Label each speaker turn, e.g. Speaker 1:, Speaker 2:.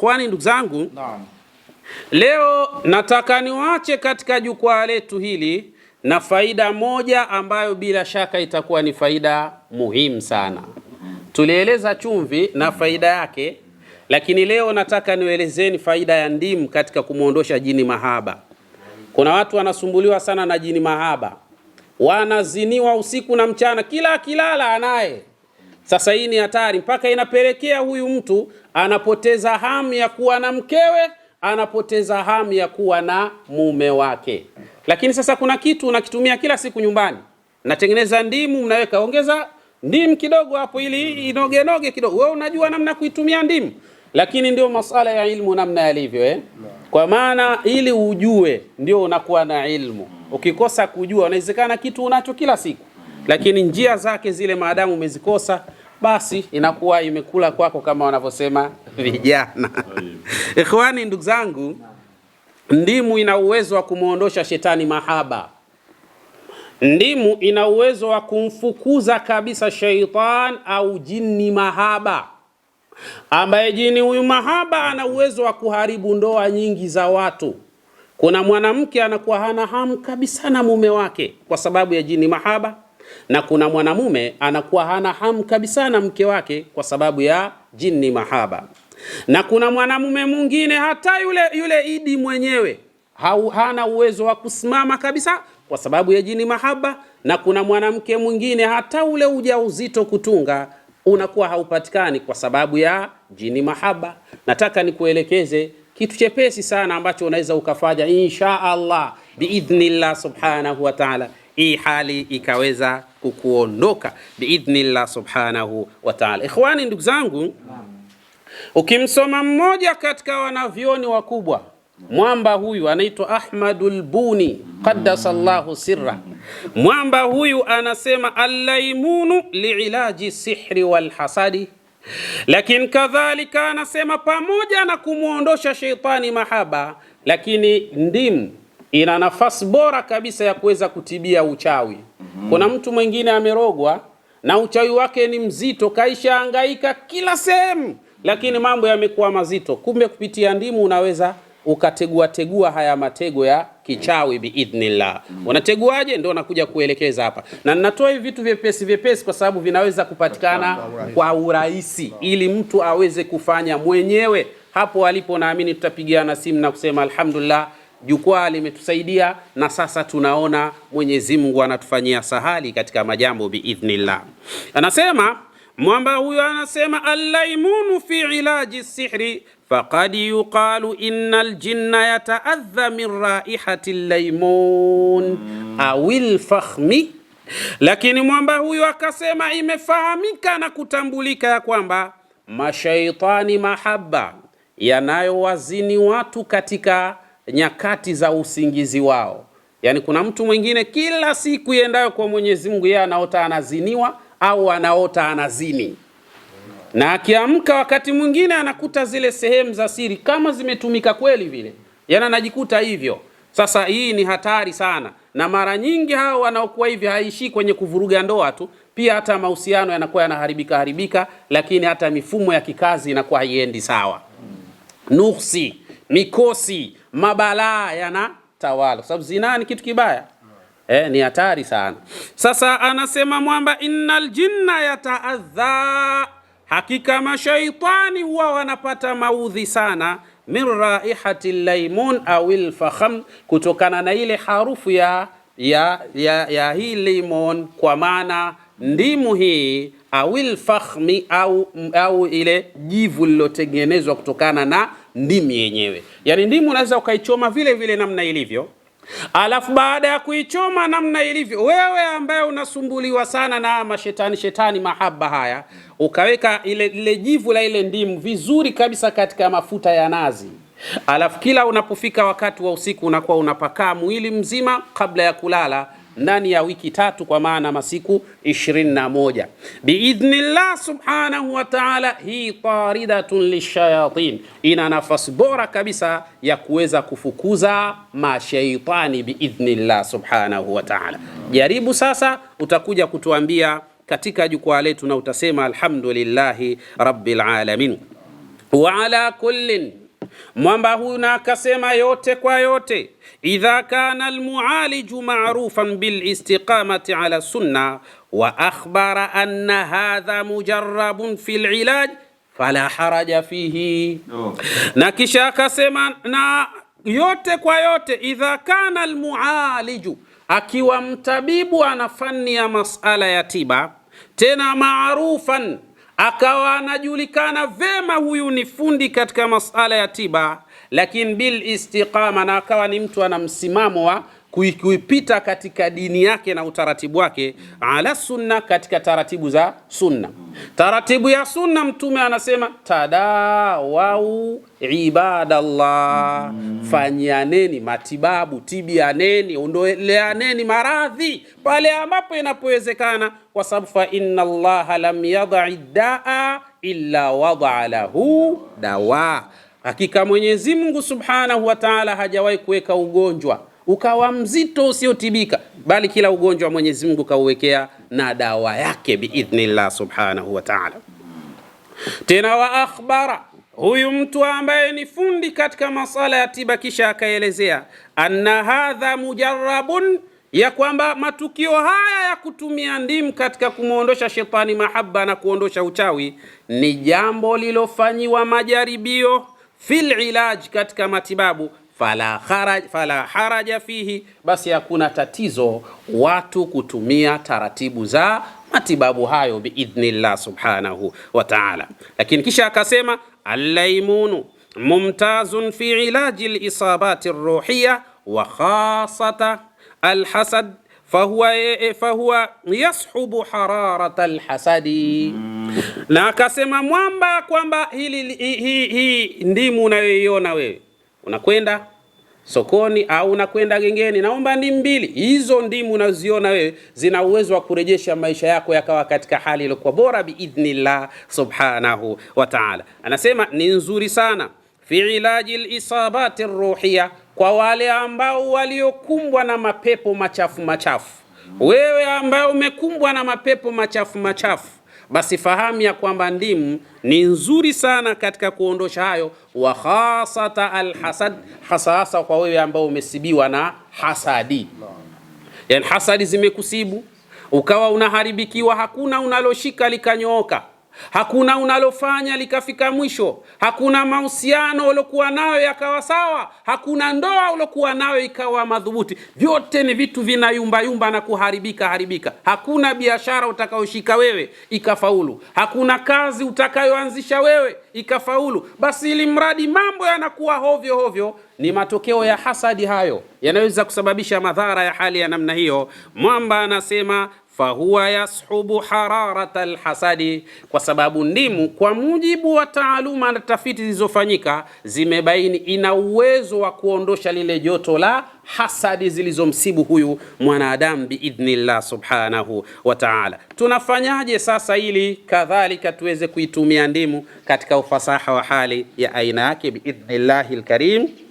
Speaker 1: Kwani ndugu zangu, naam, leo nataka niwache katika jukwaa letu hili na faida moja ambayo bila shaka itakuwa ni faida muhimu sana. Tulieleza chumvi na faida yake, lakini leo nataka nielezeni faida ya ndimu katika kumwondosha jini mahaba. Kuna watu wanasumbuliwa sana na jini mahaba, wanaziniwa usiku na mchana, kila akilala anaye sasa hii ni hatari, mpaka inapelekea huyu mtu anapoteza hamu ya kuwa na mkewe, anapoteza hamu ya kuwa na mume wake. Lakini sasa kuna kitu unakitumia kila siku nyumbani, natengeneza ndimu, mnaweka ongeza ndimu kidogo hapo ili inoge noge kidogo. Wewe unajua namna kuitumia ndimu, lakini ndio masala ya ilmu namna yalivyo eh? Kwa maana ili ujue ndio unakuwa na ilmu. Ukikosa kujua, unawezekana kitu unacho kila siku, lakini njia zake zile maadamu umezikosa basi inakuwa imekula kwako, kama wanavyosema
Speaker 2: vijana.
Speaker 1: Ikhwani, ndugu zangu, ndimu ina uwezo wa kumwondosha shetani mahaba. Ndimu ina uwezo wa kumfukuza kabisa sheitan au jini mahaba, ambaye jini huyu mahaba ana uwezo wa kuharibu ndoa nyingi za watu. Kuna mwanamke anakuwa hana hamu kabisa na mume wake kwa sababu ya jini mahaba na kuna mwanamume anakuwa hana hamu kabisa na mke wake kwa sababu ya jini mahaba, na kuna mwanamume mwingine hata yule yule Idi mwenyewe hau, hana uwezo wa kusimama kabisa kwa sababu ya jini mahaba, na kuna mwanamke mwingine hata ule ujauzito kutunga unakuwa haupatikani kwa sababu ya jini mahaba. Nataka nikuelekeze kitu chepesi sana ambacho unaweza ukafanya insha Allah biidhnillah subhanahu wa ta'ala hii hali ikaweza kukuondoka biidhnillah subhanahu wa ta'ala. Ikhwani, ndugu zangu, ukimsoma mmoja katika wanavyoni wakubwa mwamba huyu anaitwa Ahmadul Buni llahu sirra. Mwamba huyu anasema allaimunu liilaji sihri walhasadi, lakini kadhalika anasema pamoja na kumwondosha sheitani mahaba, lakini ndimu ina nafasi bora kabisa ya kuweza kutibia uchawi. Mhm. Kuna mtu mwingine amerogwa na uchawi wake ni mzito, kaisha angaika kila sehemu, lakini mambo yamekuwa mazito. Kumbe kupitia ndimu unaweza ukategua tegua haya matego ya kichawi biidhnillah. Mhm. Unateguaje? Ndio nakuja kuelekeza hapa, na ninatoa hivi vitu vyepesi vyepesi kwa sababu vinaweza kupatikana kwa urahisi, ili mtu aweze kufanya mwenyewe hapo alipo. Naamini tutapigiana simu na kusema alhamdulillah Jukwaa limetusaidia na sasa tunaona Mwenyezi Mungu anatufanyia sahali katika majambo biidhnillah. Anasema mwamba huyo, anasema allaimunu fi ilaji sihri faqad yuqalu innal jinna yataadha min raihati llaimun awil fakhmi. Lakini mwamba huyo akasema, imefahamika na kutambulika ya kwamba mashaitani mahaba yanayowazini watu katika nyakati za usingizi wao. Yaani kuna mtu mwingine kila siku iendayo kwa Mwenyezi Mungu yeye anaota anaziniwa au anaota anazini, na akiamka wakati mwingine anakuta zile sehemu za siri kama zimetumika kweli vile, yaani anajikuta hivyo. Sasa hii ni hatari sana, na mara nyingi hao wanaokuwa hivi haishi kwenye kuvuruga ndoa tu, pia hata mahusiano yanakuwa yanaharibika haribika, lakini hata mifumo ya kikazi inakuwa haiendi sawa, nuksi mikosi, mabalaa yanatawala, kwa sababu zinaa ni kitu kibaya eh, ni hatari sana. Sasa anasema mwamba, innal jinna yataadha, hakika mashaitani huwa wanapata maudhi sana min raihati laimun au lfakham, kutokana na ile harufu ya, ya, ya, ya hii limon, kwa maana ndimu hii au lfakhmi au, au ile jivu lilotengenezwa kutokana na ndimu yenyewe. Yaani ndimu unaweza ukaichoma vile vile namna ilivyo, alafu baada ya kuichoma namna ilivyo, wewe ambaye unasumbuliwa sana na mashetani shetani mahaba haya, ukaweka ile ile jivu la ile ndimu vizuri kabisa katika mafuta ya nazi alafu kila unapofika wakati wa usiku unakuwa unapakaa mwili mzima kabla ya kulala ndani ya wiki tatu, kwa maana masiku 21 biidhnillah subhanahu wa ta'ala. Hii taridatun lishayatin, ina nafasi bora kabisa ya kuweza kufukuza mashaitani biidhnillah subhanahu wa ta'ala. Jaribu sasa, utakuja kutuambia katika jukwaa letu na utasema alhamdulillahi rabbil alamin wa ala kullin Mwamba huyu na akasema yote kwa yote, idha kana almualiju marufan bilistiqamati ala sunna wa akhbara anna hadha mujarrabun fi lilaj fala haraja fihi oh. Na kisha akasema na yote kwa yote, idha kana almualiju, akiwa mtabibu ana fani ya masala ya tiba tena maarufan akawa anajulikana vema, huyu ni fundi katika masala ya tiba, lakini bil istiqama, na akawa ni mtu ana msimamo wa kuipita katika dini yake na utaratibu wake, ala sunna, katika taratibu za sunna. Taratibu ya sunna, Mtume anasema tadawau ibadallah, mm. fanyianeni matibabu, tibianeni, ondoleaneni maradhi pale ambapo inapowezekana, kwa sababu fa inna allaha lam yadai daa illa wadaa lahu dawa, hakika Mwenyezi Mungu subhanahu wa taala hajawahi kuweka ugonjwa ukawa mzito usiotibika, bali kila ugonjwa wa Mwenyezi Mungu kauwekea na dawa yake biidhnillah subhanahu wa ta'ala. Tena wa akhbara huyu mtu ambaye ni fundi katika masala ya tiba, kisha akaelezea anna hadha mujarrabun, ya kwamba matukio haya ya kutumia ndimu katika kumwondosha shetani mahaba na kuondosha uchawi ni jambo lilofanyiwa majaribio fil ilaj, katika matibabu fala haraj, fala haraja fihi, basi hakuna tatizo watu kutumia taratibu za matibabu hayo biidhnillah subhanahu wa ta'ala. Lakini kisha akasema allaimunu mumtazun fi ilaji lisabati ruhiya wa khasata alhasad fahuwa, e, fahuwa yashubu hararata alhasadi mm. Na akasema mwamba kwamba hii hi, hi, ndimu unayoiona wewe unakwenda sokoni au unakwenda gengeni, naomba ndimu mbili. Hizo ndimu unaziona wewe zina uwezo wa kurejesha maisha yako yakawa katika hali iliyokuwa bora, biidhnillah subhanahu wa ta'ala. Anasema ni nzuri sana fi ilaji lisabati ruhia kwa wale ambao waliokumbwa na mapepo machafu machafu. Wewe ambao umekumbwa na mapepo machafu machafu basi fahamu ya kwamba ndimu ni nzuri sana katika kuondosha hayo, wa khasata alhasad, hasahasa kwa wewe ambao umesibiwa na hasadi, yani hasadi zimekusibu ukawa unaharibikiwa, hakuna unaloshika likanyooka hakuna unalofanya likafika mwisho, hakuna mahusiano uliokuwa nayo yakawa sawa, hakuna ndoa uliokuwa nayo ikawa madhubuti. Vyote ni vitu vinayumbayumba na kuharibika haribika. Hakuna biashara utakayoshika wewe ikafaulu, hakuna kazi utakayoanzisha wewe ikafaulu. Basi ili mradi mambo yanakuwa hovyo hovyo, ni matokeo ya hasadi hayo yanaweza kusababisha madhara ya hali ya namna hiyo. Mwamba anasema fahuwa yashubu hararata alhasadi, kwa sababu ndimu, kwa mujibu wa taaluma na tafiti zilizofanyika, zimebaini ina uwezo wa kuondosha lile joto la hasadi zilizomsibu huyu mwanadamu biidhnillah subhanahu wa ta'ala. Tunafanyaje sasa ili kadhalika tuweze kuitumia ndimu katika ufasaha wa hali ya aina yake biidhnillahi lkarim?